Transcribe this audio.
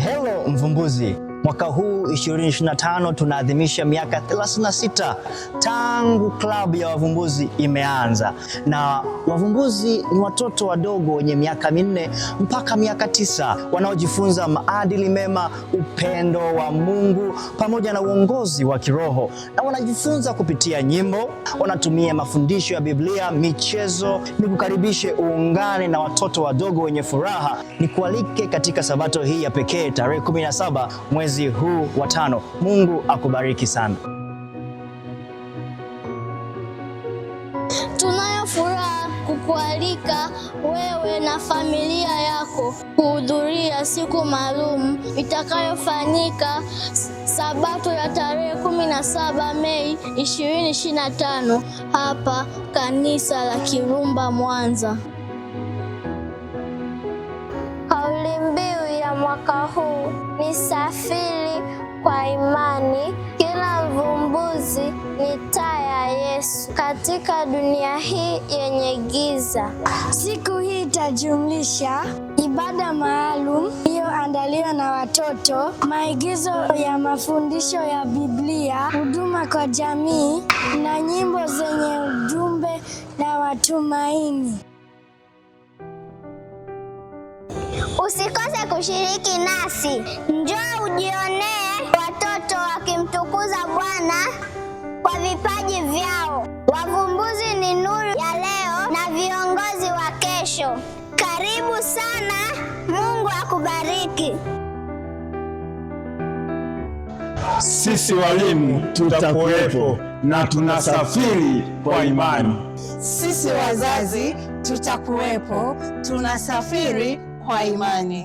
Hello mvumbuzi. Mwaka huu 2025 tunaadhimisha miaka 36 tangu klabu ya Wavumbuzi imeanza, na Wavumbuzi ni watoto wadogo wenye miaka minne mpaka miaka tisa wanaojifunza maadili mema, upendo wa Mungu pamoja na uongozi wa kiroho, na wanajifunza kupitia nyimbo, wanatumia mafundisho ya Biblia, michezo. Ni kukaribishe uungane na watoto wadogo wenye furaha, ni kualike katika sabato hii ya pekee tarehe 17 mwezi mwezi huu wa tano. Mungu akubariki sana. Tunayo furaha kukualika wewe na familia yako kuhudhuria siku maalum itakayofanyika Sabato ya tarehe 17 Mei 2025 hapa kanisa la Kirumba Mwanza. ya mwaka huu ni safiri kwa imani. Kila mvumbuzi ni taa ya Yesu katika dunia hii yenye giza. Siku hii itajumlisha ibada maalum iliyoandaliwa na watoto, maigizo ya mafundisho ya Biblia, huduma kwa jamii na nyimbo zenye ujumbe na watumaini. Usikose kushiriki nasi, njoo ujionee watoto wakimtukuza Bwana kwa vipaji vyao. Wavumbuzi ni nuru ya leo na viongozi wa kesho. Karibu sana, Mungu akubariki. Sisi walimu tutakuwepo na tunasafiri kwa imani. Sisi wazazi tutakuwepo, tunasafiri kwa imani.